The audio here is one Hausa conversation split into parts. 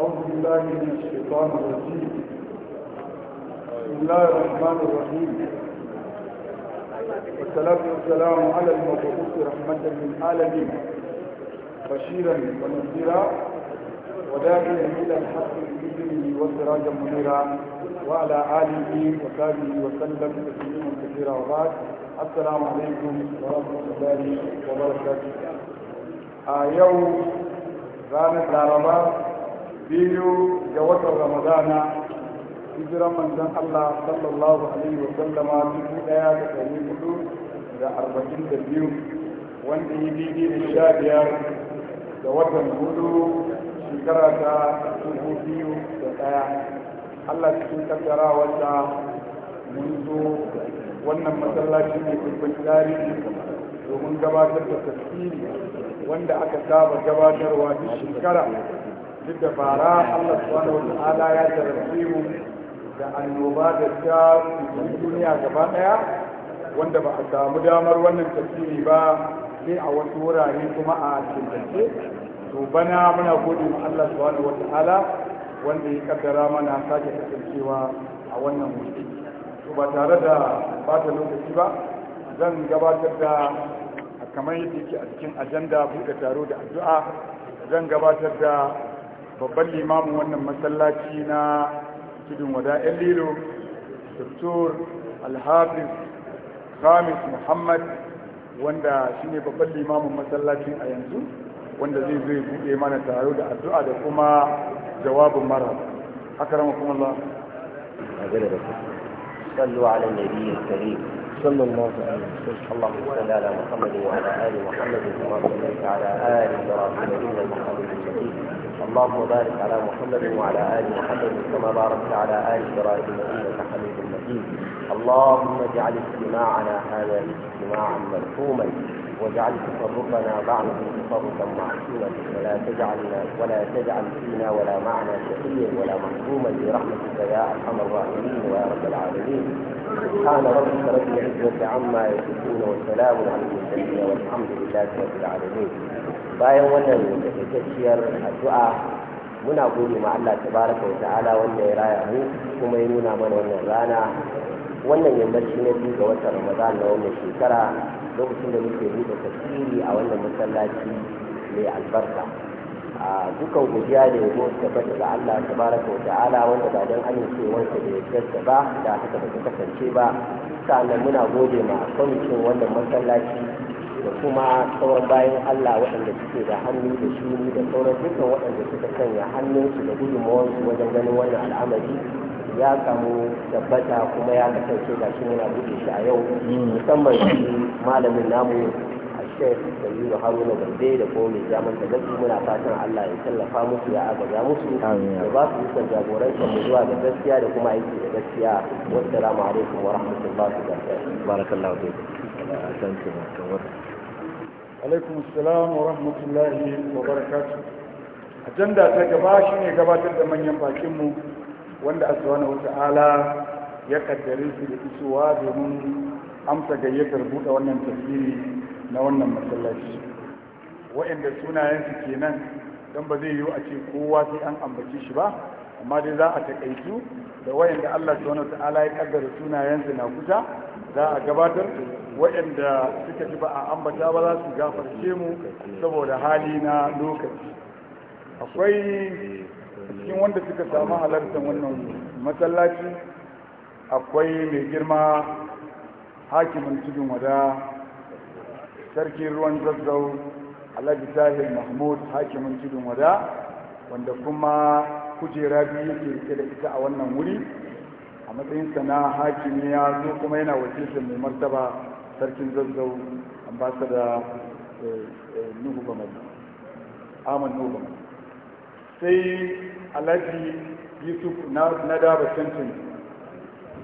أعوذ بالله من الشيطان الرجيم بسم الله الرحمن الرحيم والصلاة والسلام على المبعوث رحمة للعالمين بشيرا ونذيرا وداعيا إلى الحق بإذنه وسراجا منيرا وعلى آله وصحبه وسلم تسليما كثيرا وبعد السلام عليكم ورحمة الله وبركاته. آه يوم ranar biyu ga watan ramadana hijiran manzon Allah sallallahu alaihi wa sallama dubu daya da dari hudu da arba'in da biyu wanda yi bibi da sha biyar da watan hudu shekara ta dubu biyu da daya Allah cikin kaddara wata mun zo wannan masallaci ne babban tarihi domin gabatar da tafsiri wanda aka saba gabatarwa duk shekara duk da bara Allah subhanahu ya tarafi mu da annoba da ta duniya gaba daya wanda ba a samu damar wannan tafsiri ba sai a wasu wurare kuma a cikin to bana muna gode ma Allah subhanahu wa wanda ya kaddara mana sake kasancewa a wannan wuri to ba tare da bata lokaci ba zan gabatar da kamar yadda yake a cikin ajanda buɗe taro da addu'a zan gabatar da babban limamin wannan masallaci na tudun wada yan lilo dr alhafiz khamis muhammad wanda shine babban limamin masallacin a yanzu wanda zai zai buɗe mana taro da addu'a da kuma jawabin mara haka rama kuma Allah. Sallu ala nabi karim صلى الله عليه وسلم اللهم صل على محمد وعلى ال محمد كما صليت على ال ابراهيم انك حميد مجيد اللهم بارك على محمد وعلى ال محمد كما باركت على ال ابراهيم انك حميد مجيد اللهم اجعل اجتماعنا هذا اجتماعا مرحوما واجعل تصرفنا بعده تصرفا معصوما ولا تجعل ولا تجعل فينا ولا معنا شقيا ولا محكوما برحمتك يا ارحم الراحمين ويا رب العالمين. سبحان ربك رب العزه عما يصفون والسلام على المرسلين والحمد لله رب العالمين. بايا ولا تتشير الدعاء منا قولي مع الله تبارك وتعالى ولا يرايعه وما ينونا من ولا رانا ولا يمشي وسر رمضان ولا شيكرا lokacin da muke buɗe tafsiri a wannan masallaci mai albarka a dukan godiya da yabo da bada ga Allah tabaraka wa ta'ala wanda ba dan amincewarsa da yardarsa ba da haka ba ta kasance ba sannan muna gode ma kwamitin wannan masallaci da kuma sauran bayan Allah waɗanda suke da hannu da shuni da sauran dukkan waɗanda suka sanya hannunsu da gudunmawarsu wajen ganin wannan al'amari ya samu tabbata kuma ya kasance ga shi muna buɗe shi a yau musamman shi malamin namu a shek da yi haruna barde da kuma mai jaman da gaji muna fatan allah ya tallafa musu ya agaza musu da ba su nisan jagorancin mu zuwa da gaskiya da kuma aiki da gaskiya wasu wassalamu alaikum wa rahmatullahi wa barakatuh barakallahu fiikum asante mutawar alaikum assalam wa rahmatullahi wa barakatuh ajanda ta gaba shine gabatar da manyan bakin mu wanda aswana wata'ala ya kaddare su da isowa domin amsa gayyatar buɗe wannan tafsiri na wannan masallaci waɗanda sunayensu kenan don ba zai yiwu a ce kowa sai an ambaci shi ba amma dai za a taƙaitu da waɗanda Allah wani ta'ala ya kaddara sunayensu na kusa za a gabatar waɗanda suka ji ba a ambata ba za su gafarce mu saboda hali na lokaci akwai cikin wanda suka samu halartar wannan masallaci akwai mai girma hakimin cikin wada sarkin ruwan zazzau alhaji tahir mahmud hakimin cikin wada wanda kuma kujera biyu yake rike da ita a wannan wuri a matsayinsa na hakimi ya zo kuma yana wakilin mai martaba sarkin zazzau ambasada eh, eh, nuhu ahmad nuhu bamadu sai alhaji yusuf na daba cancan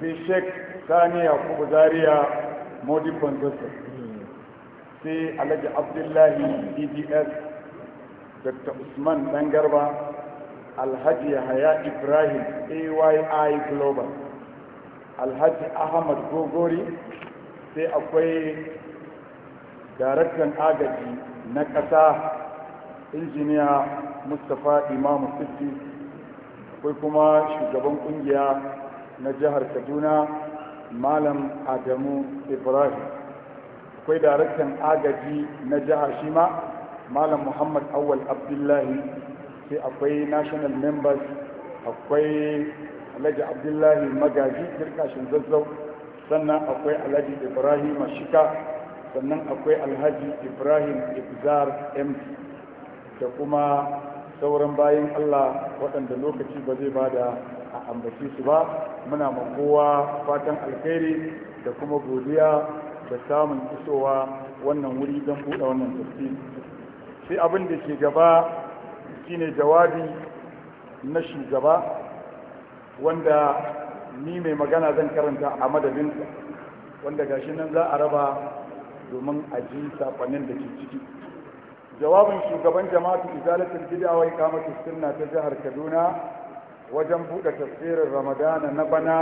sai sheik sani yakubu zaria modi kwanzasa sai alhaji abdullahi dds dr usman dan garba alhaji yahaya ibrahim ayi global alhaji ahmad gogori sai akwai daraktan agaji na kasa injiniya mustapha imamu sitti akwai kuma shugaban kungiya na jihar kaduna malam adamu ibrahim akwai daraktan agaji na jihar shima malam muhammad awal abdullahi sai akwai national members akwai alhaji abdullahi magaji kirkashin zazzau sannan akwai alhaji ibrahim shika sannan akwai alhaji ibrahim ibzar md da kuma sauran bayan Allah waɗanda lokaci ba zai bada a ambaci su ba muna ma kowa fatan alkhairi da kuma godiya da samun isowa wannan wuri don buɗe wannan tafi sai abin da ke gaba shine jawabi na shugaba wanda ni mai magana zan karanta a madadinsa wanda gashi nan za a raba domin a ji safanin da ke ciki jawabin shugaban jama'atu izalatul bid'a wa iqamatus sunna ta jihar Kaduna wajen buɗe tafsirin Ramadana na bana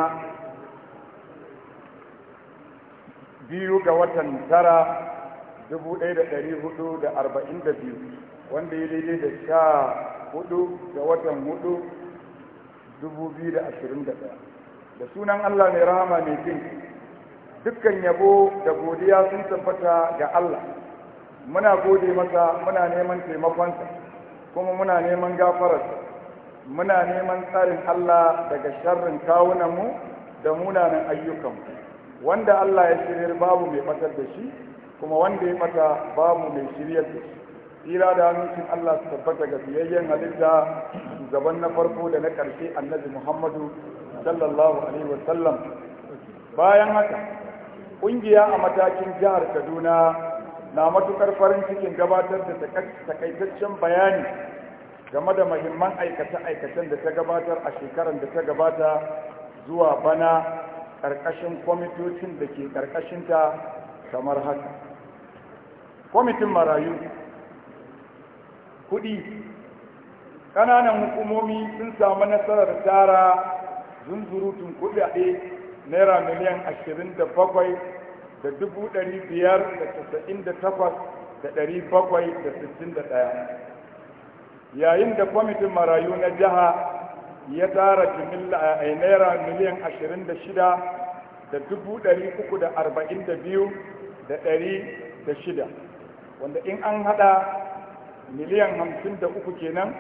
biyu ga watan tara dubu ɗaya da da hudu arba'in 1442 wanda ya daidai da sha hudu ga watan hudu biyu da ashirin da Da sunan Allah mai rama mai jin dukkan yabo da godiya sun tabbata ga Allah muna gode masa muna neman taimakonsa kuma muna neman gafararsa muna neman tsarin Allah daga sharrin mu, da munanan ayyukanmu wanda Allah ya shirya babu mai batar da shi kuma wanda ya bata babu mai shirya da shi tsira da amincin Allah su tabbata ga biyayyen halitta gaban na farko da na ƙarshe annabi Muhammadu sallallahu alaihi wa sallam. bayan haka ƙungiya a matakin jihar Kaduna na matukar farin cikin gabatar da takaitaccen bayani game da mahimman aikace-aikacen da ta gabatar a shekarar da ta gabata zuwa bana ƙarƙashin kwamitocin da ke ƙarƙashinta kamar haka kwamitin marayu kudi ƙananan hukumomi sun samu nasarar tara zunzurutun kudade naira miliyan 27 da dubu ɗari biyar da tasa'in da takwas da ɗari bakwai da sittin da ɗaya yayin da kwamitin marayu na jiha ya tara jimilla eh, naira miliyan ashirin da shida da dubu ɗari uku da arba'in da biyu da ɗari da shida wanda in an haɗa miliyan hamsin da uku kenan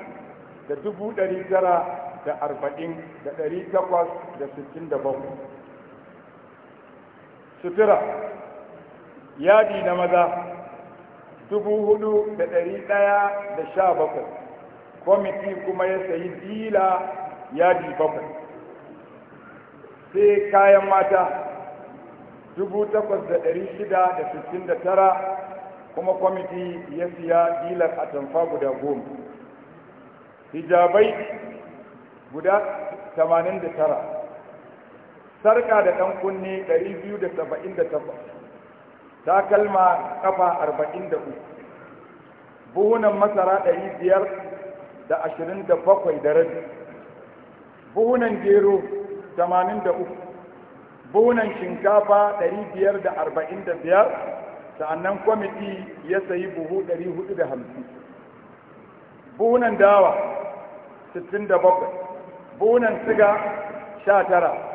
da dubu ɗari tara da arba'in da ɗari takwas da sittin da bakwai sutura yadi na maza dubu hudu da ɗari ɗaya da sha bakwai kwamiti kuma ya sayi dila yadi bakwai sai kayan mata dubu takwas da ɗari shida da sittin da tara kuma kwamiti ya siya dilar atamfa guda goma hijabai guda tamanin da tara sarka da ɗan kunne 278 takalma kafa 43 buhunan masara 500 da 27 da rabi buhunan gero 83 buhunan shinkafa 545 sa'annan kwamiti ya sayi buhu 450 buhunan dawa 67 buhunan siga 19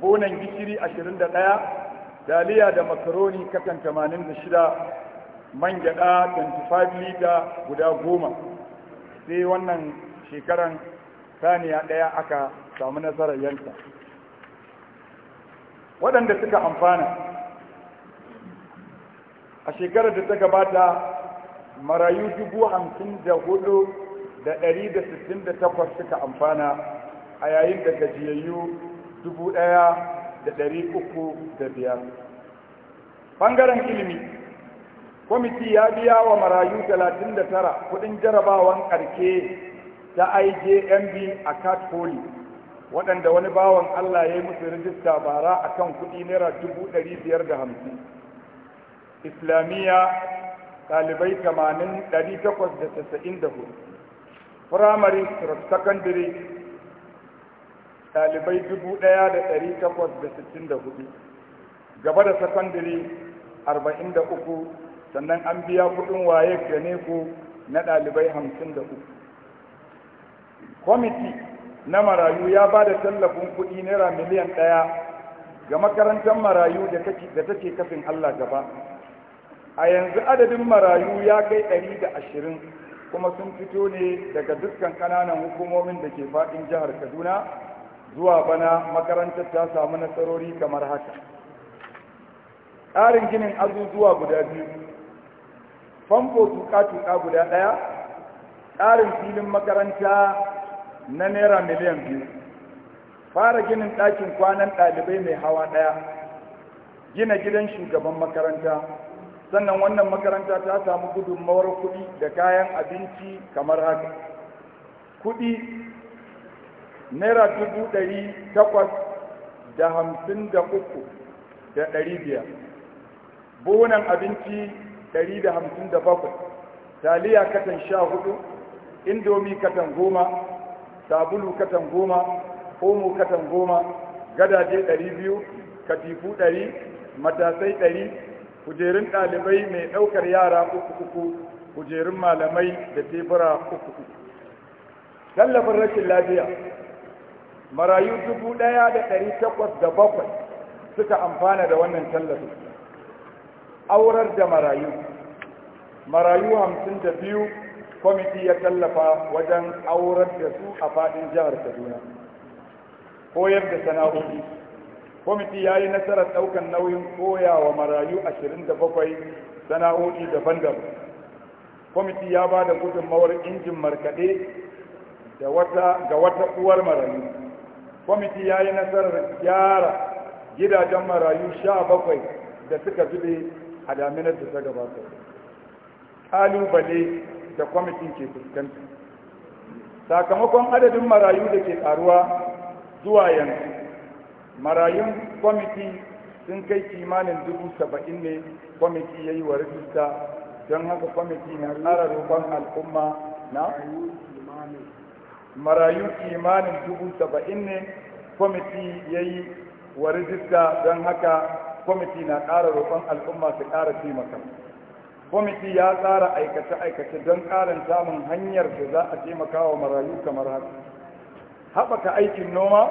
bonan gishiri 21 daliya da makaroni katan 86 man gyada 25 lita guda goma sai wannan shekaran saniya daya aka samu nasarar yanka waɗanda suka amfana a shekarar da ta gabata marayu dubu hamsin da hudu da dari da sittin da takwas suka amfana a yayin da gajiyayyu dubu ɗaya da ɗari uku da biyar ɓangaren ilimi kwamiti ya biya wa marayu talatin da tara kuɗin jarabawan ƙarke ta ijmb a cat waɗanda wani bawan allah ya yi musu rijista bara a kan kuɗi naira dubu ɗari biyar da hamsin islamiyya ɗalibai tamanin ɗari takwas da tasa'in da firamare secondary ɗalibai 1,864 gaba da sakandare 43 sannan an biya kuɗin waye gane ku na ɗalibai 53 kwamiti na marayu ya ba da tallafin kuɗi naira miliyan ɗaya ga makarantar marayu da take kafin allah gaba a yanzu adadin marayu ya kai da ashirin kuma sun fito ne daga dukkan ƙananan hukumomin da ke faɗin jihar kaduna zuwa bana makarantar ta samu nasarori kamar haka tsarin ginin azuzuwa guda biyu famfo tuka-tuka guda ɗaya tsarin filin makaranta na naira miliyan biyu fara ginin ɗakin kwanan ɗalibai mai hawa ɗaya gina gidan shugaban makaranta sannan wannan makaranta ta samu gudunmawar kuɗi da kayan abinci kamar haka kuɗi naira dubu ɗari takwas da hamsin da uku da ɗari biyar buhunan abinci ɗari da hamsin da bakwai taliya katan sha hudu indomi katan goma sabulu katan goma omo katan goma gadaje ɗari biyu katifu ɗari matasai ɗari kujerun ɗalibai mai ɗaukar yara uku uku kujerun malamai da tebura uku uku tallafin rashin lafiya marayu dubu ɗaya da ɗari takwas da bakwai suka amfana da wannan tallafi aurar da marayu marayu hamsin da biyu kwamiti ya tallafa wajen aurar da su a faɗin jihar kaduna koyar da sana'o'i kwamiti ya yi nasarar ɗaukar nauyin koya wa marayu ashirin da bakwai sana'o'i daban-daban kwamiti ya ba da gudunmawar injin markaɗe ga wata uwar marayu kwamiti ya yi nasarar gyara gidajen marayu sha bakwai da suka zube a daminar da ta gabata ƙalubale da kwamitin ke fuskanta sakamakon adadin marayu da ke ƙaruwa zuwa yanzu marayun kwamiti sun kai kimanin dubu saba'in ne kwamiti ya yi wa rajista don haka kwamiti na ƙara roƙon al'umma na marayu imanin dubu saba'in ne kwamiti ya yi wa rijista don haka kwamiti na ƙara roƙon al'umma su ƙara taimaka kwamiti ya tsara aikace-aikace don ƙarin samun hanyar da za a taimaka wa marayu kamar haka haɓaka aikin noma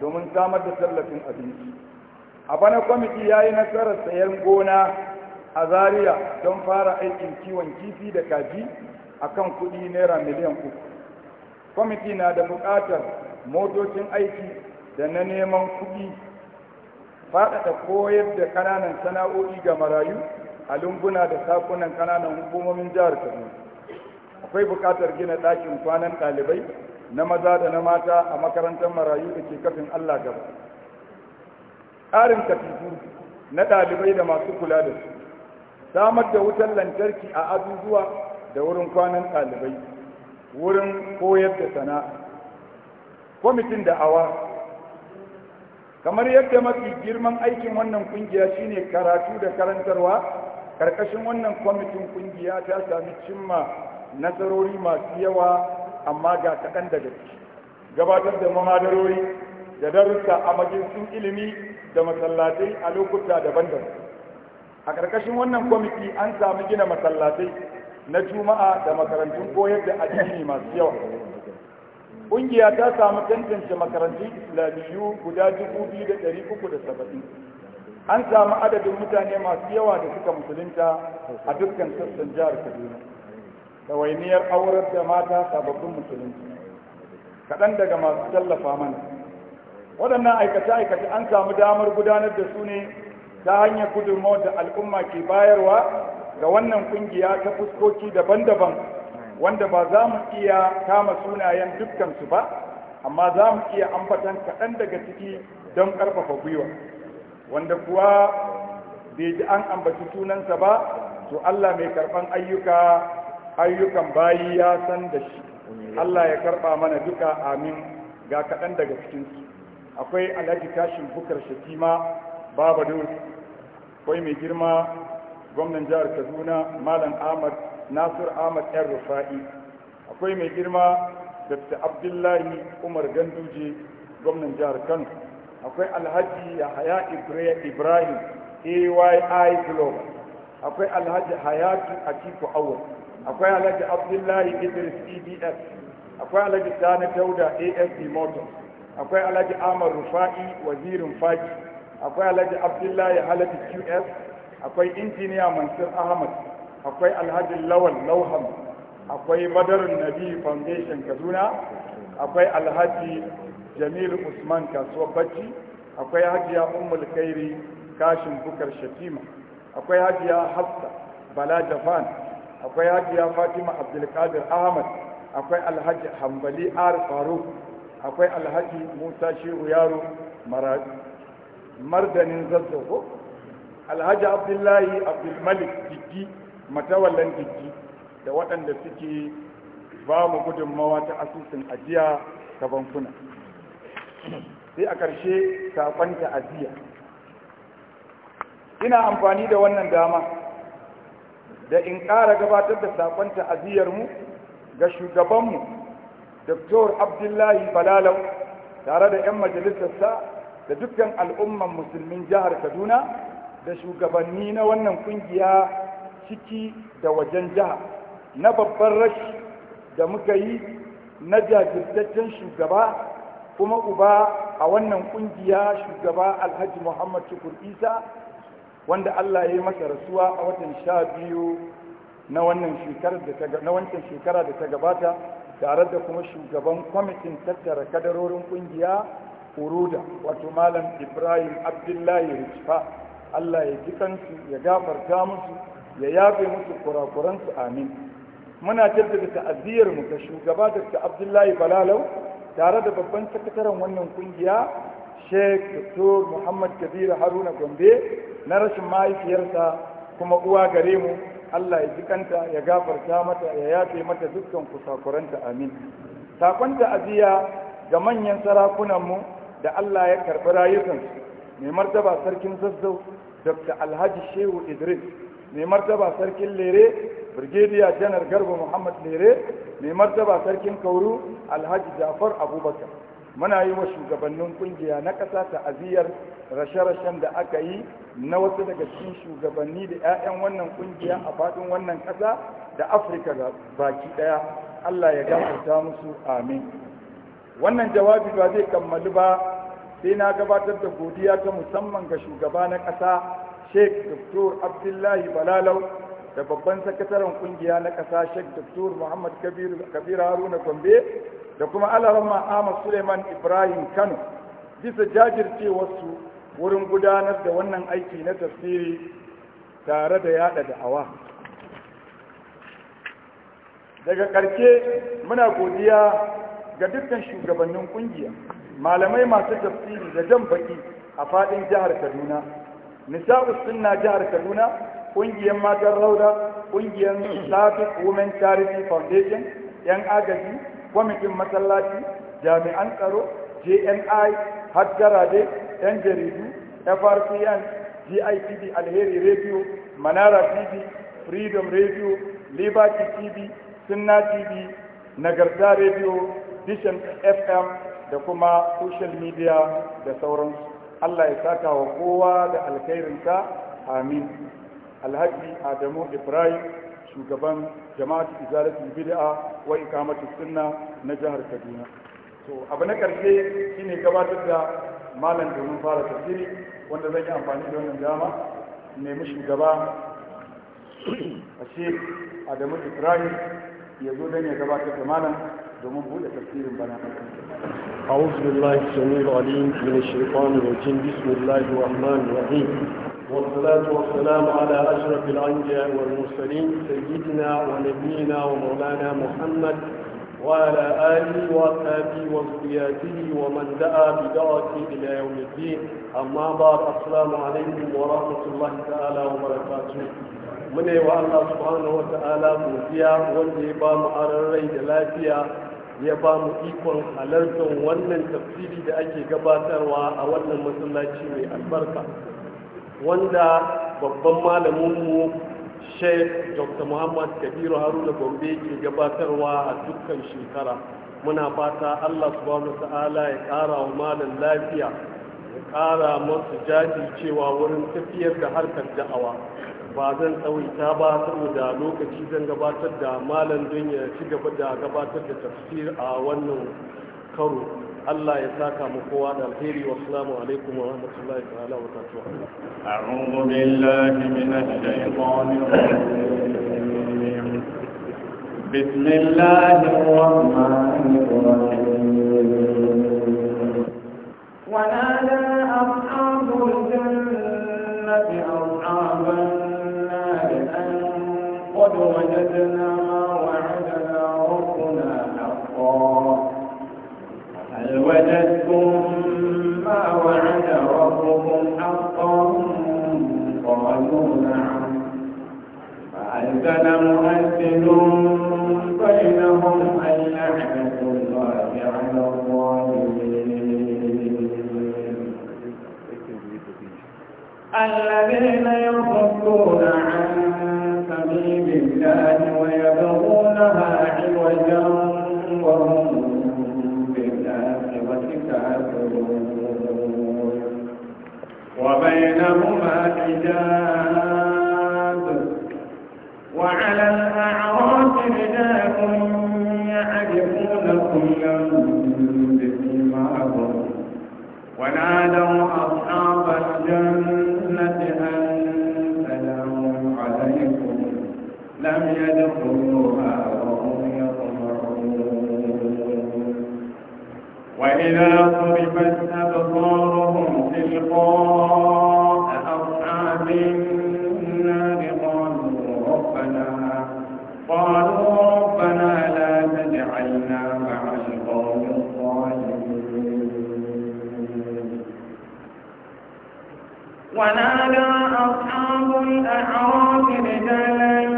domin samar da tallafin abinci a bana kwamiti ya yi nasarar sayan gona a zaria don fara aikin kiwon kifi da kaji akan kuɗi naira miliyan uku kwamiti na da buƙatar motocin aiki da na neman kuɗi faɗaɗa koyar da ƙananan sana'o'i ga marayu a lunguna da sakunan ƙananan hukumomin jihar Kano. akwai buƙatar gina ɗakin kwanan ɗalibai na maza da na mata a makarantar marayu da ke kafin allah gaba ƙarin katifu na ɗalibai da masu kula da su samar da wutar lantarki a azuzuwa da wurin kwanan ɗalibai wurin koyar da sana, kwamitin awa. kamar yadda mafi girman aikin wannan kungiya shine karatu da karantarwa karkashin wannan kwamitin kungiya ta sami cimma nasarori masu yawa amma ga kaɗan daga ciki gabatar da mahadarori da darussa a majalisun ilimi da masallatai a lokuta daban-daban a karkashin wannan kwamiti an sami gina masallatai na juma'a da makarantun koyar da addini masu yawa ƙungiya ta samu tantance makarantun islamiyu guda 2,370 an samu adadin mutane masu yawa da suka musulunta a dukkan sassan jihar kaduna ɗawainiyar aurar da mata sababbin musulunci kaɗan daga masu tallafa mana waɗannan aikace-aikace an samu damar gudanar da su ne ta hanyar gudunmawar da al'umma ke bayarwa ga wannan kungiya ta fuskoki daban-daban wanda ba za mu iya kama sunayen dukkansu ba amma za mu iya ambatan kaɗan daga ciki don ƙarfafa gwiwa wanda kuwa bai ji an ambaci sunansa ba to Allah mai karɓan ayyuka ayyukan bayi ya san da shi Allah ya karɓa mana duka amin ga kaɗan daga cikinsu akwai alhaji tashin bukar shatima babadur akwai mai girma gwamnan jihar kaduna malam ahmad nasir ahmad yan rufa'i akwai mai girma dr abdullahi umar ganduje gwamnan jihar kano akwai alhaji yahaya ibrahim AYI global akwai alhaji hayatu atiku awon akwai alhaji abdullahi idris ebs akwai alhaji sani dauda asd motor akwai alhaji amar rufa'i wazirin faji akwai alhaji abdullahi halabi qs akwai injiniya mansur ahmad akwai alhaji lawal lauham akwai madarin nabi foundation kaduna akwai alhaji jamil usman kasuwar bacci akwai hajiya ummul kairi kashin bukar shatima akwai hajiya hafsa bala jafan akwai hajiya fatima abdulkadir ahmad akwai alhaji hambali ar faruk akwai alhaji musa shehu yaro mardanin zazzafo alhaji abdullahi abdulmalik diddi matawallan diddi da waɗanda suke ba mu gudunmawa ta asusun ajiya ta bankuna sai a ƙarshe saƙon ta'aziyya ina amfani da wannan dama da in ƙara gabatar da saƙon ta'aziyyarmu ga shugabanmu dr abdullahi balalau tare da 'yan majalisarsa da dukkan al'umman musulmin jihar kaduna da shugabanni na wannan kungiya ciki da wajen jiha na babban rashi da muka yi na jajirtaccen shugaba kuma uba a wannan kungiya shugaba alhaji muhammad shukur isa wanda allah ya yi masa rasuwa a watan sha biyu na wannan shekara da ta gabata tare da kuma shugaban kwamitin tattara kadarorin kungiya uruda wato malam ibrahim abdullahi rufa Allah ya ji kansu ya gafarta musu ya yafe musu kurakuransu amin muna jaddada ta'aziyar mu ga shugaba Dr. Abdullahi Balalau tare da babban sakataren wannan kungiya Sheikh Dr. Muhammad Kabir Haruna Gombe na rashin mahaifiyarsa kuma uwa gare mu Allah ya ji kanta ya gafarta mata ya yafe mata dukkan kusakuranta amin sakon ta'aziyya ga manyan sarakunan mu da Allah ya karɓi rayukansu mai martaba sarkin zazzau dr alhaji shehu idris mai martaba sarkin lere birgediya janar garba muhammad lere mai martaba sarkin kauru alhaji jafar abubakar muna yi wa shugabannin kungiya na ƙasa ta'aziyar rashe-rashen da aka yi na wasu daga cikin shugabanni da 'ya'yan wannan kungiya a faɗin wannan ƙasa da afirka baki ɗaya allah ya gafarta musu amin wannan jawabi ba zai kammalu ba sai na gabatar da godiya ta musamman ga shugaba na ƙasa sheik dr abdullahi balalau da babban sakataren kungiya na ƙasa sheik dr muhammad kabir haruna gombe da kuma alarama ahmad suleiman ibrahim kano bisa jajircewarsu wurin gudanar da wannan aiki na tafsiri tare da yada da'awa daga ƙarshe muna godiya ga dukkan shugabannin kungiya malamai masu tafsiri da jan baki a fadin jihar kaduna nisa'u sunna jihar kaduna ƙungiyar matan rauda ƙungiyar islamic women charity foundation yan agaji kwamitin masallaci jami'an tsaro jni hajjarade yan jaridu frpn gipd alheri radio manara tv freedom radio liberty tv sunna tv nagarta radio vision fm da kuma social media da sauransu Allah ya saka wa kowa da alkhairinsa amin alhaji adamu ibrahim shugaban jama'atu izalatu bid'a wa ikamatu sunna na jihar kaduna to abu na karshe shine gabatar da malam domin fara tafsiri wanda zan yi amfani da wannan dama nemi shugaba ashe adamu ibrahim ya zo don ya gabatar da malam domin buɗe tafsirin bana أعوذ بالله السميع العليم من الشيطان الرجيم بسم الله الرحمن الرحيم والصلاة والسلام على أشرف الأنبياء والمرسلين سيدنا ونبينا ومولانا محمد وعلى آله وأصحابه وذرياته ومن دعا بدعوته إلى يوم الدين أما بعد السلام عليكم ورحمة الله تعالى وبركاته من الله سبحانه وتعالى مزيا والإبام معرر الرئيس ya ba mu ikon halartar wannan tafsiri da ake gabatarwa a wannan masallaci mai albarka wanda babban malamin mu sheikh dr muhammad kabiru haruna gombe ke gabatarwa a dukkan shekara muna fata allah subhanahu ta'ala ya kara wa malam lafiya ya kara masu jajircewa wurin tafiyar da harkar da'awa ba zan tsawaita ba saboda lokaci zan gabatar da malam don ya ci gaba da gabatar da tafsir a wannan karo Allah ya saka mu kowa da alheri wa assalamu alaikum wa rahmatullahi ta'ala wa barakatuh a'udhu billahi minash shaitanir rajim bismillahir rahmanir rahim wa nada ashabul jannati ووجدنا ما وعدنا ربنا حقا هل وجدتم ما وعد ربكم حقا قالوا نعم مؤذن ونادى أصحاب الأعراف رجالا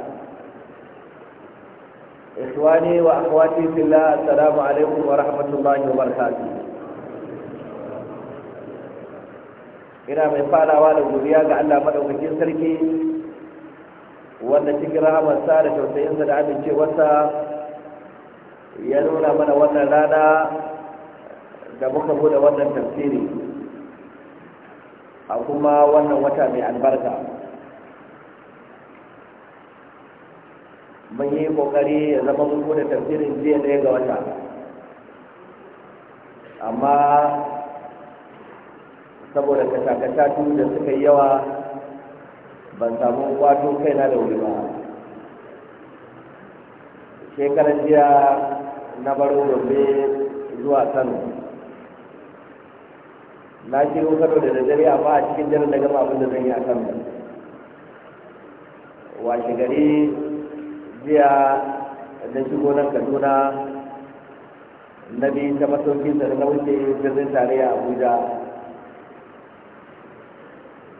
ikhwani wa akhwati fillah Salamu alaikum wa rahmatullahi wa barakatuh ina mai farawa da godiya ga Allah maɗaukakin sarki wanda cikin sa da tausayinsa da amincewarsa ya nuna mana wannan rana da muka buɗe wannan tafsiri a kuma wannan wata mai albarka mun yi kokari ya zama mun da tafsirin jiya ɗaya ga wata amma saboda kashakashatu da suka yi yawa ban samu kwato kaina da wuri ba shekaran jiya na baro gobe zuwa kano na shigo kano da daddare amma a cikin dare daga gama abin da zan yi a kano washe gari jiya da shigo nan kaduna na biyu ta masaukin da na wuce birnin tarayya abuja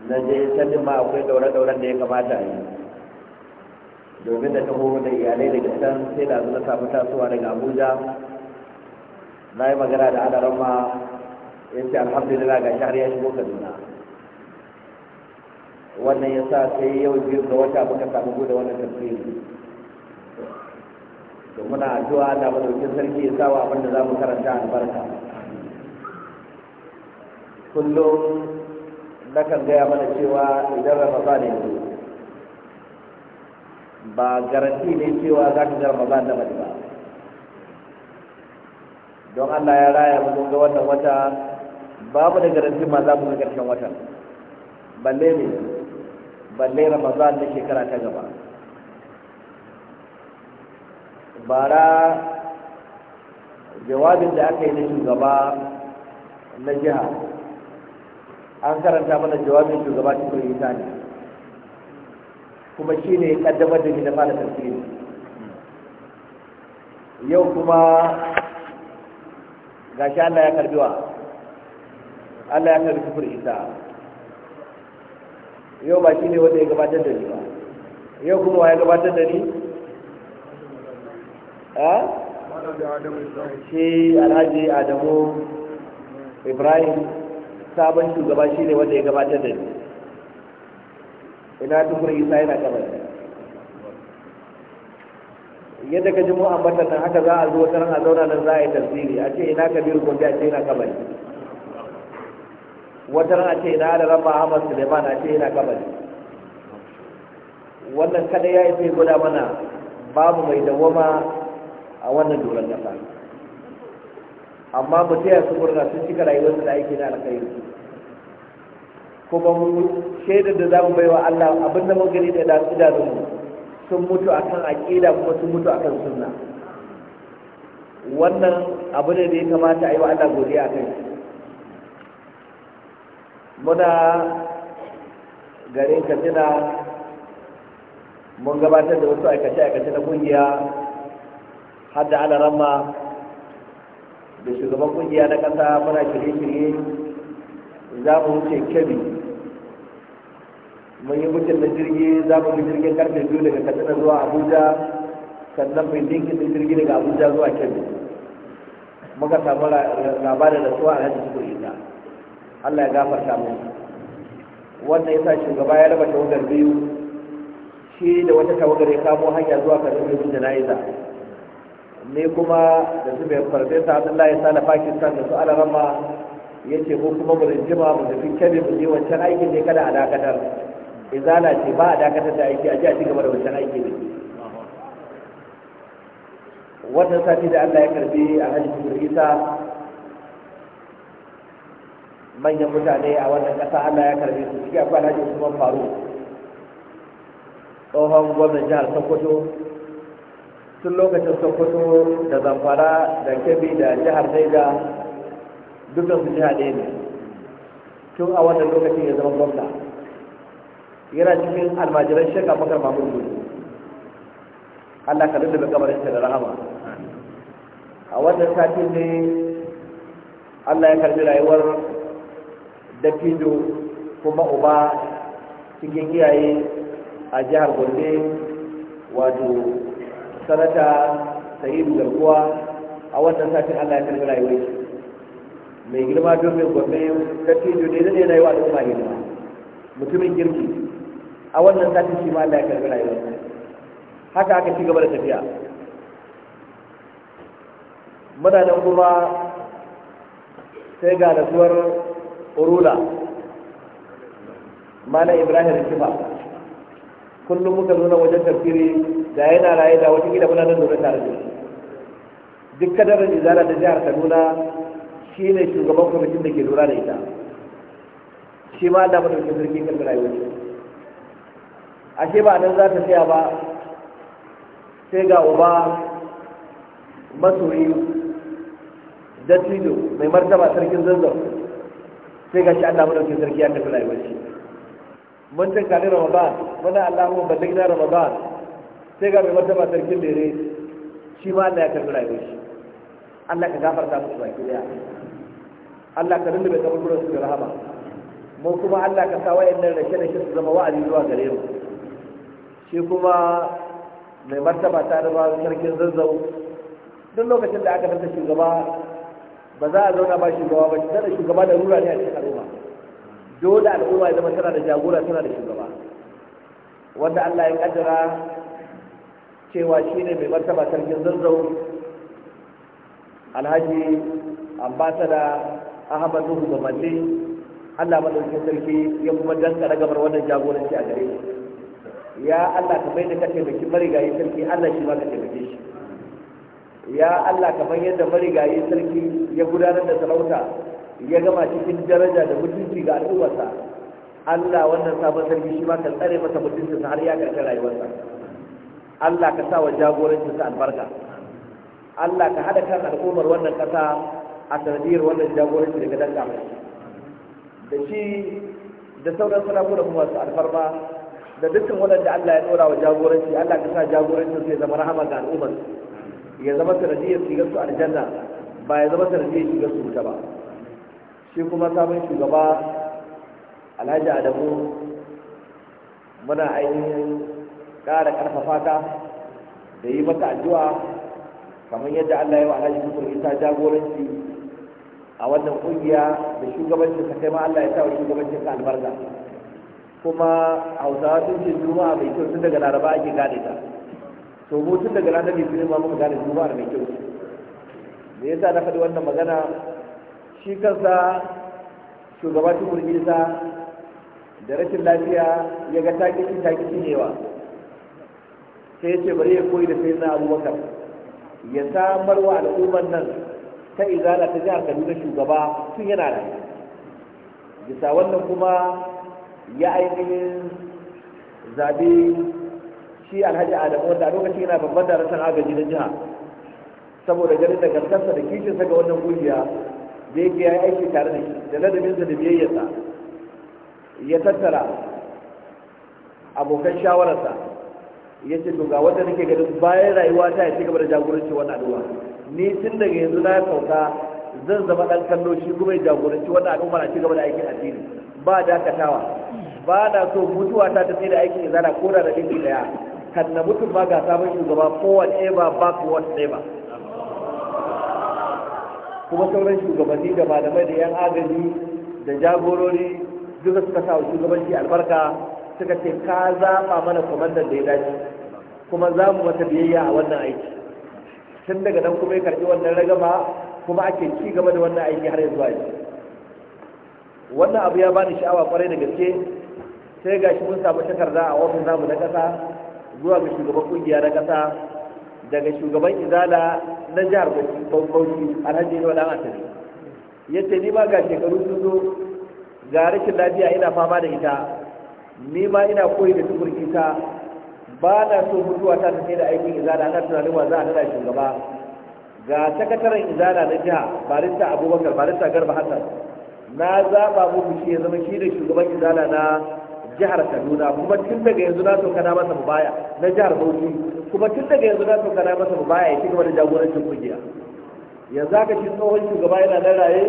na je sanin ma akwai daure-dauren da ya kamata yi domin da taho da iyalai daga can sai da na samu tasowa daga abuja na yi magana da adaran ma ya ce alhamdulillah ga shahar ya shigo kaduna wannan ya sa sai yau biyu ga wata muka samu buɗe wannan tafsiri to muna addu'a da madaukin sarki ya sawa abinda za mu karanta albarka kullum kan gaya mana cewa idan ramadan ya zo ba garanti ne cewa za ka ga ramadan da ba don allah ya raya mu ga wannan wata babu da garanti ma za mu ga karshen watan balle ne balle ramadan na shekara ta gaba bara jawabin da aka yi na shugaba na jiha an karanta mana jawabin shugaba cikin isa ne kuma shi ne kaddamar da ni na fara tafiye yau kuma gashi Allah ya karbi wa Allah ya karbi kufur isa yau ba shi ne wanda ya gabatar da ni ba yau kuma wa ya gabatar da ni Eh? shi alhaji adamu ibrahim sabon shugaba shi ne wanda ya gabatar da ni ina tukur isa yana kamar yadda ka ji mu ambata nan haka za a zo wata a zauna nan za a yi tasiri a ce ina kabiru gombe a ce yana kamar wata a ce ina da rabba ahmad suleiman a ce yana kamar wannan kada ya isa ya gwada mana babu mai dawama a wannan doron ƙasa amma mu taya su murna sun cika rayuwarsu da aiki na alkhairi kuma mu shaidar da za mu baiwa Allah abin da mun gani da da mu, sun mutu akan aqida kuma sun mutu akan sunna wannan abu ne da ya kamata a yi wa Allah godiya kai muna garin katina mun gabatar da wasu aikace-aikace na kungiya har da ana rama da shugaban kungiya na kasa muna shirye-shirye za mu wuce kebi mun yi wucin na jirgi za mu bi jirgin karfe biyu daga katsina zuwa abuja sannan mai dinkin da jirgi daga abuja zuwa kebi muka samu labarin da suwa a hajji su ta allah ya gafarta mu wannan yasa shugaba ya raba tawagar biyu shi da wata tawagar ya kamo hanya zuwa karfe biyu da na'iza ne kuma da su mai farfesa abdullahi sale pakistan da su alarama ya ce ko kuma mu rinjima mu tafi kebe mu je wancan aikin ne kada a dakatar izala ce ba a dakatar da aiki a ji a ci gaba da wancan aiki ne wannan sati da allah ya karbi a hajji isa manyan mutane a wannan ƙasa allah ya karbi su ciki akwai alhaji usman faru tsohon gwamnan jihar sokoto Sun lokacin sokoto da zamfara da kebbi da jihar daida dukkan su jiha ɗaya ne tun a wannan lokacin ya zama gwamna yana cikin almajiran shekar bakar mamun gudu allah ka lullube kamar da rahama a wannan satin ne allah ya karbi rayuwar dafido, kuma uba cikin iyaye a jihar gombe wato sanata sa'idu garkuwa a wannan satin allah ya karbi rayuwar shi mai girma don mai gwamnati dattijo ne da ne na yi wa al'umma girma mutumin girki a wannan satin shi ma allah ya karbi rayuwar haka aka ci gaba da tafiya muna nan kuma sai ga rasuwar urula mana ibrahim rikifa kullum muka nuna wajen tafsiri da yana raye da wata gida muna nan domin tare da duk kadarin izala da jihar kaduna shi ne shugaban kwamitin da ke lura da ita shi ma da ke sarki kan rayuwar ashe ba nan za ta tsaya ba sai ga uba masoyi dattijo mai martaba sarkin zanzan sai ga shi an damu sarki ya tafi rayuwar shi mun kare ramadan muna allahu ba na ramadan sai ga mai martaba sarkin ne shi ma allah ya karbi rayuwar shi allah ka gafarta musu baki daya allah ka lullube kaburburan su da rahama mu kuma allah ka sa wayan nan da shi su zama wa'azi zuwa gare mu shi kuma mai martaba ta ruwa sarkin zazzau duk lokacin da aka fasa shugaba ba za a zauna ba shugaba ba da shugaba da rura ne a cikin al'umma dole al'umma ya zama tana da jagora tana da shugaba wanda Allah ya kaddara cewa shi ne mai martaba sarkin zazzau alhaji ambasada ahmad nuhu baballe Allah madaukakin sarki ya kuma dankara gabar wannan jagoranci a gare shi ya Allah ka bai da ka taimaki marigayi sarki Allah shi ma ka taimake shi ya Allah kamar yadda marigayi sarki ya gudanar da sarauta ya gama cikin daraja da mutunci ga al'ummarsa Allah wannan sabon sarki shi ma ka tsare masa mutuncinsa har ya karshe rayuwarsa Allah ka sa wa sa albarka Allah ka hada kan al'ummar wannan kasa a sanadiyar wannan jagoranci daga gadan kamar da shi da sauran sarakuna kuma su alfarma da dukkan wadanda Allah ya ɗora wa jagoranci Allah ka sa jagorancin ya zama rahama ga al'ummar ya zama sanadiyar shigar su aljanna ba ya zama sanadiyar shigar su wuta ba shi kuma sabon shugaba alhaji adamu muna ainihin ƙara ƙarfafa ka da yi maka addu'a kamar yadda Allah ya wa alhaji Bukur Isa jagoranci a wannan ƙungiya da shugabancin ka kai ma Allah ya sa wa shugabancin ka albarka kuma Hausawa sun ce juma'a mai kyau tun daga Laraba ake gane ta to mu tun daga ranar Litinin ma muka gane juma'a mai kyau me yasa na faɗi wannan magana shi kansa shugaba tukur isa da rashin lafiya ya ga takici takici ne wa sai ya ce bari ya koyi da sai na abubakar ya samar wa al'ummar nan ta izala ta jihar kaduna shugaba tun yana da bisa wannan kuma ya ainihin zabe shi alhaji adamu wanda a lokacin yana babban daraktan agaji na jiha saboda ganin da gaskarsa da kishinsa ga wannan kungiya da yake ya yi aiki tare da shi da ladabinsa da biyayyarsa ya tattara abokan shawararsa ya ce to ga wanda nake ganin bayan rayuwa ta ya ci gaba da jagoranci wannan al'umma ni tun daga yanzu na sauka zan zama dan kallo shi kuma ya jagoranci wannan al'umma na ci gaba da aikin addini ba dakatawa ba na so mutuwa ta ta da aikin izala ko da da daya kan na mutum ba ga sabon shugaba ba ba backward ba. kuma sauran shugabanni da malamai da yan agaji da jagorori duka suka sa shugabanci albarka suka ce ka zaɓa mana kwamandan da ya dace kuma za mu mata biyayya a wannan aiki tun daga nan kuma ya karɓi wannan ragama kuma ake ci gaba da wannan aiki har yanzu aiki wannan abu ya bani sha'awa kwarai da gaske sai ga shi mun samu takarda a ofin namu na ƙasa zuwa ga shugaban ƙungiya na ƙasa daga shugaban izala na jihar bauchi alhaji ne wadda ta Yadda ni ma ga shekaru sun zo ga rashin lafiya ina fama da ita ni ma ina koyi da tukurki ita. ba na so mutuwa ta tafi da aikin izala ana tunanin wa za a nuna shugaba ga sakataren izala na jiha barista abubakar barista garba hassan na zaba muku shi ya zama shi da shugaban izala na jihar kaduna kuma tun daga yanzu na sauka na masa baya na jihar bauchi kuma tun daga yanzu na sauka na masa baya ya ci gaba da jagorancin kungiya yanzu aka shi tsohon shugaba yana nan raye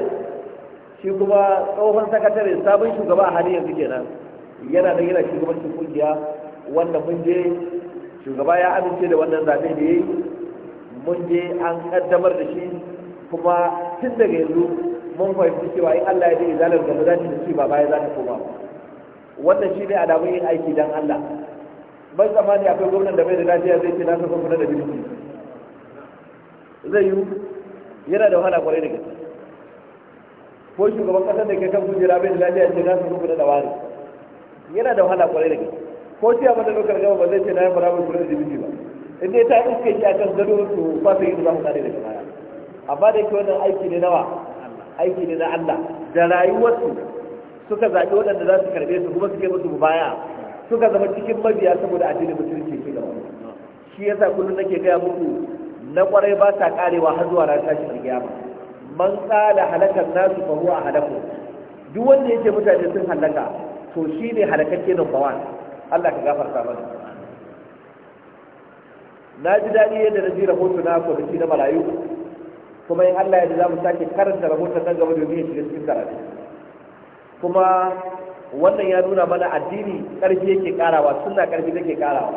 shi kuma tsohon sakatare sabon shugaba a halin yanzu kenan yana da yana shugabancin kungiya wanda mun je shugaba ya amince da wannan zaɓe da ya yi mun je an kaddamar da shi kuma tun daga yanzu mun fahimci cewa in Allah ya dai zalar da za ta ci ba baya za ta koma ba wannan shi ne alamun yin aiki don Allah ban tsammani akwai gwamnan da bai da lafiya zai ce na sa kuma da bilki zai yi yana da wahala kwarai da gaske ko shugaban kasar da ke kan kujera bai da lafiya ce na sa kuma da wari yana da wahala kwarai da gaske ko shi a mata lokar gaba ba zai ce na yi murabin kuma da bilki ba inda ya ta iske shi kan zaro su fasa su yi da zama tare da kamara. amma da yake wannan aiki ne nawa aiki ne na Allah da rayuwarsu suka zaɓi waɗanda za su karɓe su kuma suke yi musu baya suka zama cikin mabiya saboda addinin musulunci ke wani. shi yasa kullum nake gaya muku na ƙwarai ba sa karewa har zuwa ran tashin alkiyama man tsala halakar nasu fa huwa halaku duk wanda yake mutane sun halaka to shine halakakke number 1 Allah ka gafarta mana na ji daɗi yadda na ji rahoto na kwamiti na malayu. kuma in Allah ya da za mu sake karanta rahoton nan gaba domin ya shiga cikin karatu kuma wannan ya nuna mana addini ƙarfi yake ƙarawa suna ƙarfi take ƙarawa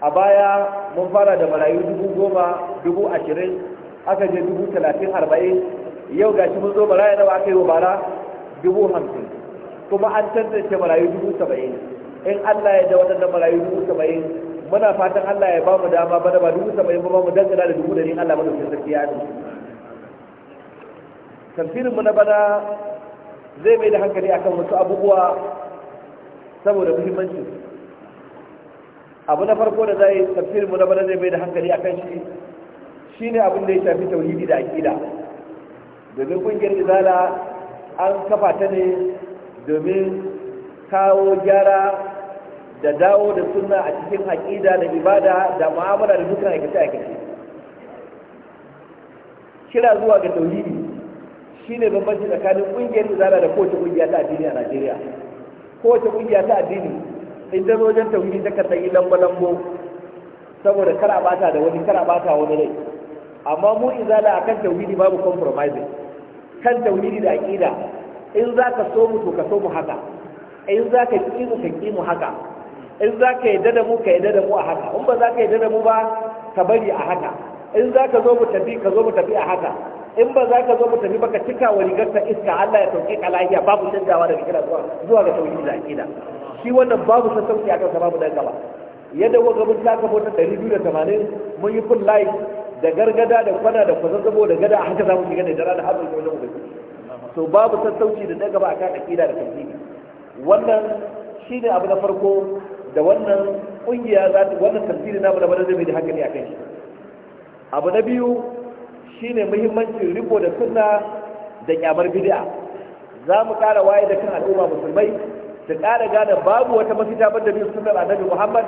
a baya mun fara da marayu dubu goma dubu ashirin aka je dubu talatin arba'in yau ga shi mun zo marayu nawa aka yi wa bara dubu hamsin kuma an tantance marayu dubu saba'in in allah ya da waɗannan marayu dubu saba'in muna fatan allah ya ba mu dama bana ba dubu saba'in ba mu dangana da dubu da ni allah sun sarki ya ne tafsirinmu na bana zai mai da hankali akan wasu abubuwa saboda muhimmanci abu na farko da zai tafsirin mu na bana zai mai da hankali akan shi shine abin da ya shafi tauhidi da aqida domin kungiyar izala an kafa ta ne domin kawo gyara da dawo da sunna a cikin aqida da ibada da mu'amala da dukkan aikace aikace kira zuwa ga tauhidi shine bambanci tsakanin ƙungiyar izala da kowace ƙungiya ta addini a Najeriya kowace ƙungiya ta addini in ta wajen tauhidi ta kan yi lambo lambo saboda kar a bata da wani kar a bata wani rai amma mu izala akan tauhidi babu compromising kan tauhidi da aqida in za ka so mu to ka so mu haka in za ka ƙi mu ka ƙi mu haka in za ka yadda da mu ka yadda da mu a haka in ba za ka yadda da mu ba ka bari a haka in za ka zo mu tafi ka zo mu tafi a haka in ba za ka zo mu tafi ba ka cika wa rigar iska Allah ya sauke ka lafiya babu canjawa daga kira zuwa zuwa ga tauhidi da aqida shi wannan babu sassauci a sa babu dan gaba yadda wanga mun taka da 280 mun yi full life da gargada da kwana da kwazazzabo da gada a haka za mu shiga da jara da hazo ko da gobe to babu sassauci da dan gaba akan aqida da tauhidi wannan shine abu na farko da wannan kungiya za ta wannan tafsiri na mu da bada zai da hankali akan shi abu na biyu shine muhimmancin riko da sunna da kyamar bid'a za mu ƙara waye da kan al'umma musulmai su ƙara gane babu wata mafita ban da biyu sunnar annabi muhammad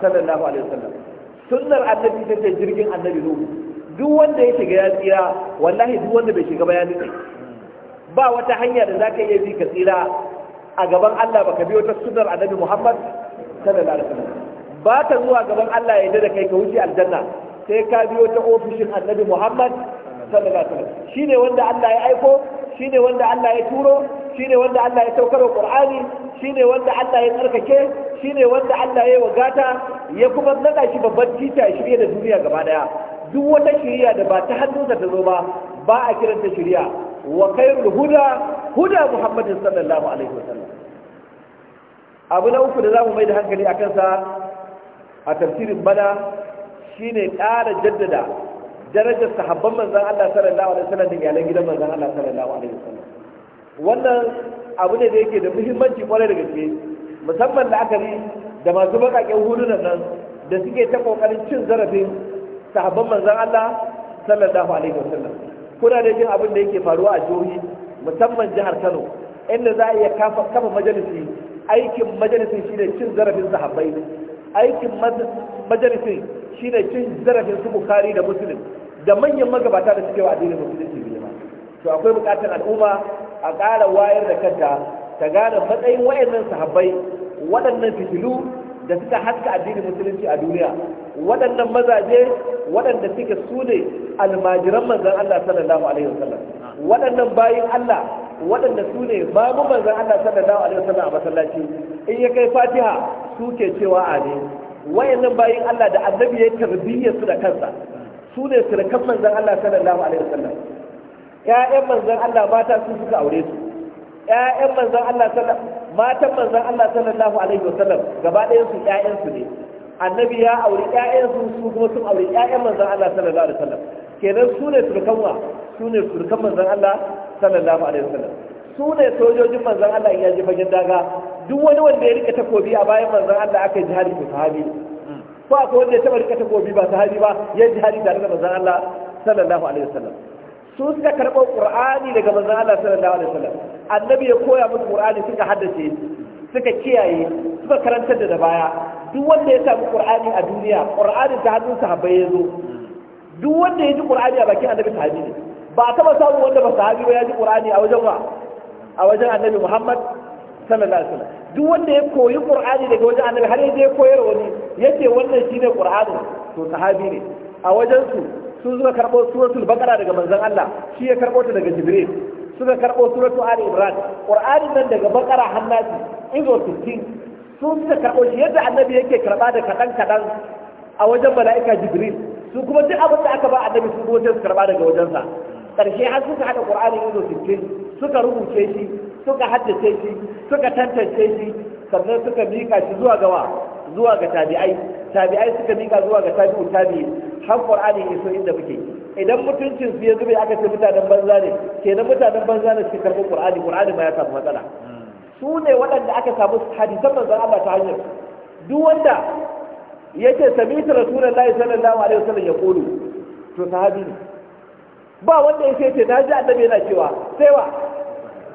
sallallahu alaihi wasallam sunnar annabi ta ce jirgin annabi nuhu duk wanda ya shiga ya tsira wallahi duk wanda bai shiga ba ya nutse ba wata hanya da zaka iya bi ka tsira a gaban Allah baka bi wata sunnar annabi muhammad sallallahu alaihi wasallam ba ta zuwa gaban Allah ya da kai ka wuce aljanna sai ka biyo ta ofishin annabi muhammad sallallahu alaihi wasallam shine wanda Allah ya aiko shine wanda Allah ya turo shine wanda Allah ya saukar Qur'ani shine wanda Allah ya tsarkake shine wanda Allah ya wagata ya kuma nada shi babban tita shirya da duniya gaba daya duk wata shirya da ba ta hannunsa ta zo ba ba a kiranta shirya. wa khairul huda huda Muhammadin sallallahu alaihi wasallam abu na uku da zamu mai da hankali akan sa a tafsirin bana shine ƙara jaddada darajar sahabban manzon Allah sallallahu alaihi wasallam da iyalan gidan manzon Allah sallallahu alaihi wasallam wannan abu ne da yake da muhimmanci kwarai da gaske musamman da la'akari da masu baƙaƙen hudunan nan da suke ta ƙoƙarin cin zarafin sahabban manzon Allah sallallahu alaihi wasallam kuna da jin abin da yake faruwa a jihohi musamman jihar Kano inda za a iya kafa majalisi aikin majalisi shine cin zarafin sahabbai aikin shi shine cin zarafin su bukari da musulun da manyan magabata da suke wa addinin musulunci ne ma to akwai bukatar al'umma a ƙara wayar da kanta ta gane matsayin wayannan sahabbai waɗannan fitilu da suka haska addinin musulunci a duniya waɗannan mazaje waɗanda suke su ne almajiran manzon Allah sallallahu alaihi wasallam waɗannan bayin Allah waɗanda su ne babu manzon Allah sallallahu alaihi wasallam a masallaci in ya kai Fatiha su ke cewa amin wayannan bayin Allah da annabi ya tarbiyya su da kansa su ne sirkan manzon Allah sallallahu alaihi wasallam ƴaƴan manzon Allah mata su suka aure su ƴaƴan manzon Allah sallallahu matan manzon Allah sallallahu alaihi wasallam gaba ɗayan su ƴaƴan su ne annabi ya aure ƴaƴan su su kuma sun aure ƴaƴan manzon Allah sallallahu alaihi wasallam kenan su ne surkanwa su ne surkan manzon Allah sallallahu alaihi wasallam su ne sojojin manzon Allah ya ji fagen daga duk wani wanda ya rika takobi a bayan manzon Allah aka yi jihadi ko sahabi ko akwai wanda ya taba rika takobi ba sahabi ba ya jihadi tare da manzon Allah sallallahu alaihi wasallam su suka karɓo qur'ani daga manzon Allah sallallahu alaihi wasallam annabi ya koya musu qur'ani suka haddace suka kiyaye suka karantar da baya duk wanda ya samu qur'ani a duniya qur'ani ta hannun sahabbai ya zo duk wanda ya ji qur'ani a bakin annabi sahabi ne ba a taba samu wanda ba sahabi ba ya ji qur'ani a wajen wa a wajen annabi muhammad sallallahu alaihi wasallam duk wanda ya koyi qur'ani daga wajen annabi har yaje ya koyar wani yace wannan shine qur'ani to sahabi ne a wajen su sun zuka karbo suratul baqara daga manzon Allah shi ya karɓo ta daga jibril suka karbo suratul ali imran ƙur'ani nan daga baqara hannati izo 60 sun suka karɓo shi yadda annabi yake karɓa da kadan kadan a wajen mala'ika jibril su kuma duk abin da aka ba annabi su kuma sai su karba daga wajensa ƙarshe an suka haɗa ƙwararri ido sittin suka rubuce shi suka haddace shi suka tantance shi sannan suka miƙa shi zuwa gawa zuwa ga tabi'ai tabi'ai suka miƙa zuwa ga tabi'u tabi'i har ƙwararri ya so inda muke idan mutuncin su ya zube aka ce mutanen banza ne kenan mutanen banza ne suka karɓi ƙwararri ƙwararri ma ya samu matsala su ne waɗanda aka samu hadisan manzan Allah ta hanyar duk wanda yake sami rasulullahi sallallahu alaihi wasallam ya kulu to sahabi ne ba wanda ya ce na ji annabi yana cewa sai wa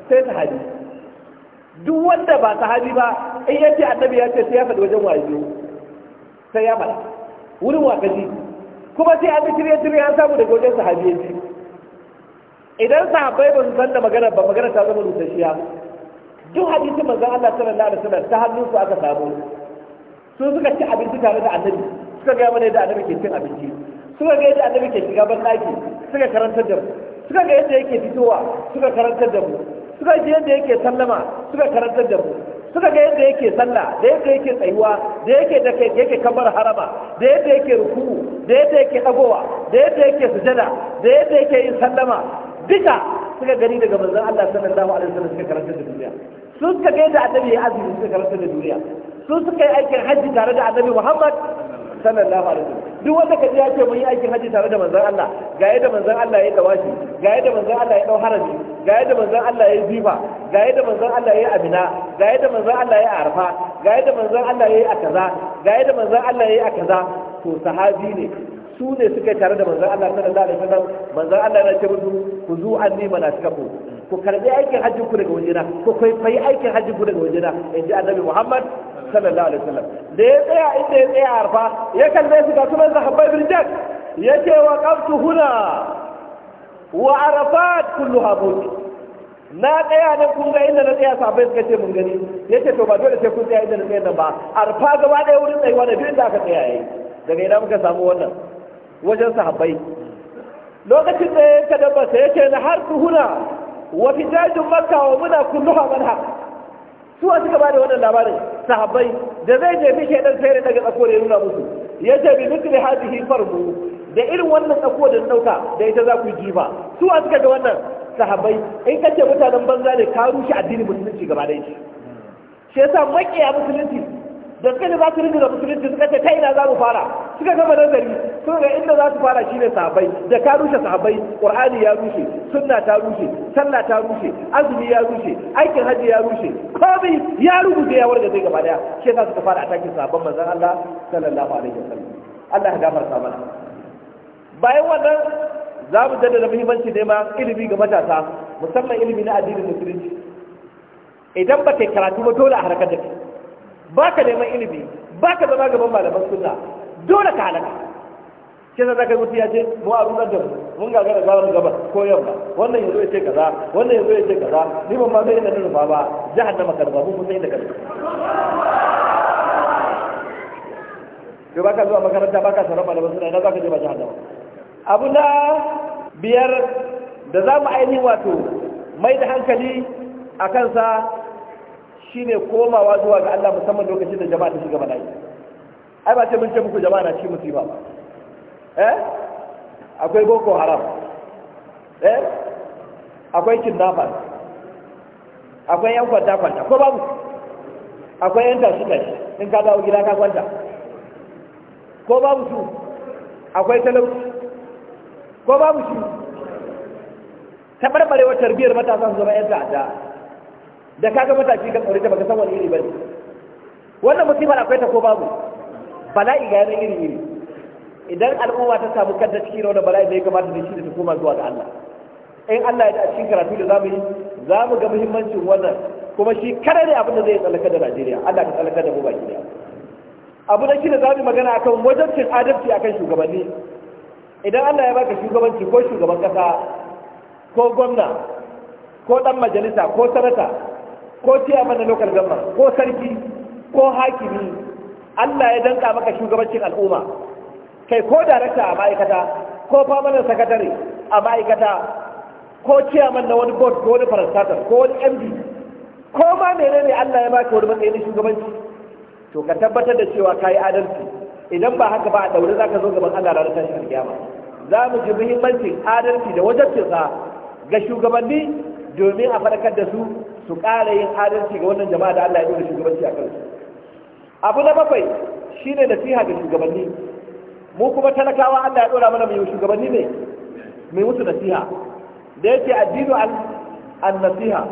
sai haji duk wanda ba haji ba in yace annabi ya ce sai ya faɗi wajen waye sai ya faɗi wurin wakaji kuma sai an kire kire tire ya samu daga wajen sahabi ya ce idan sahabbai ba su san da magana ba magana ta zama rusasshiya duk hadisin manzon Allah sallallahu alaihi wasallam ta hannun su aka samu sun suka ci abinci tare da annabi suka ga mana da annabi ke cin abinci suka ga da annabi ke shiga ban daki suka karantar da mu suka ga yadda yake fitowa suka karantar da mu suka ji yadda yake sallama suka karantar da mu suka ga yadda yake sallah da yadda yake tsayuwa da yake da yake kamar harama da yadda yake ruku'u da yadda yake agowa, da yadda yake sujada da yadda yake yin sallama duka suka gani daga manzon Allah sallallahu alaihi wasallam suka karanta da duniya sun suka ga yadda annabi ya azumi suka karanta da duniya sun suka yi aikin hajji tare da annabi Muhammad sallallahu alaihi wasallam duk wanda kaji ya ce mun yi aikin haji tare da manzon Allah ga yadda manzon Allah ya dawashi ga yadda manzon Allah ya dau harami ga yadda manzon Allah ya jifa ga yadda manzon Allah ya amina ga yadda manzon Allah ya arfa ga yadda manzon Allah ya yi a ga yadda manzon Allah ya yi a to sahabi ne su ne suka tare da manzon Allah sallallahu alaihi wasallam manzon Allah ya ce musu ku zu anni manasikakum ku karbi aikin hajji ku daga wajena ku fayi aikin hajji ku daga wajena in ji annabi muhammad sallallahu alaihi wasallam da ya tsaya inda ya tsaya arfa ya kalle su ga sunan sahabbai birjak ya ce wa qaftu huna wa arafat kulluha buki na tsaya nan kun ga inda na tsaya sabai suka ce mun gani ya ce to ba dole sai kun tsaya inda na tsaya nan ba arfa gaba ɗaya wurin tsayuwa da duk da aka tsaya yayi daga ina muka samu wannan wajen sahabbai lokacin da ya ka dabba ya ce na har tuhuna wa fitajin makka wa muna ha manha su a suka bada wannan labarin sahabbai da zai je mike dan sai daga tsako da ya nuna musu ya ce bi misli hadhihi farbu da irin wannan tsako da dauka da ita za ku jifa su a suka ga wannan sahabbai in kace mutanen banza ne ka rushe addinin musulunci gaba da shi shi yasa makiya musulunci da suka ne za su rinjina musulunci suka ce ta ina za mu fara suka gama nazari sun ga inda za su fara shi ne sahabai da ka rushe sahabai ƙur'ani ya rushe sunna ta rushe sallah ta rushe azumi ya rushe aikin hajji ya rushe komai ya rubuta ya warga zai gaba daya shi yasa suka fara atakin sahabban manzon Allah sallallahu alaihi wasallam Allah ya gafarta mana bayan wannan za mu jaddada muhimmanci nema ilimi ga matasa musamman ilimi na addinin musulunci idan ba kai karatu ba dole a harkar da kai ba ka neman ilimi ba ka zama gaban malaman sunna dole ka halaka ke sa zaka mutu ya ce mu a runar da mun ga gara gawar gaba ko yamma wannan yanzu ya ce kaza wannan yanzu ya ce kaza ni ban ma zai da rufa ba jahannama karba mun sai da karba to baka zuwa makaranta baka sanar malaman sunna na zaka je ba jahannama abu na biyar da za mu ainihin wato mai da hankali a kansa shine komawa zuwa ga Allah musamman lokacin da jama'a ta shiga bala'i ai ba ce mun ce muku jama'a na cikin musiba ba eh akwai boko haram eh akwai kidnappers akwai yan kwanta kwanta ko babu akwai yan tashi tashi in ka dawo gida ka kwanta ko babu su akwai talauci ko babu shi taɓarɓarewar tarbiyyar matasan zama yan ta'adda da kaga matashi ka ba baka san wani iri bane wannan musibar akwai ta ko babu bala'i ga yanar iri iri idan al'umma ta samu kadda cikin wannan bala'i da ya kamata da shi da ta koma zuwa ga Allah in Allah ya da cikin karatu da zamu yi zamu ga muhimmancin wannan kuma shi kada ne abin da zai tsallaka da Najeriya Allah ka tsallaka da mu baki daya abu da shi da zamu magana akan wajabcin adalci akan shugabanni idan Allah ya baka shugabanci ko shugaban kasa ko gwamna ko dan majalisa ko sanata ko ciyaman na local government ko sarki ko hakimi Allah ya danka maka shugabancin al'umma kai ko darakta a ma'aikata ko famanin sakatare a ma'aikata ko ciyaman na wani board ko wani farastatar ko wani md ko ma menene Allah ya baka wani matsayin shugabanci to ka tabbatar da cewa ka yi adalci idan ba haka ba a daure za ka zo gaban Allah ranar tashin kiyama za mu ji muhimmancin adalci da wajen ga shugabanni domin a farkar da su su ƙara yin adalci ga wannan jama'a da Allah ya dole shugabanci a kansu abu na bakwai shine nasiha ga shugabanni mu kuma talakawa Allah ya ɗora mana mu shugabanni ne mai musu nasiha da yake addinu an nasiha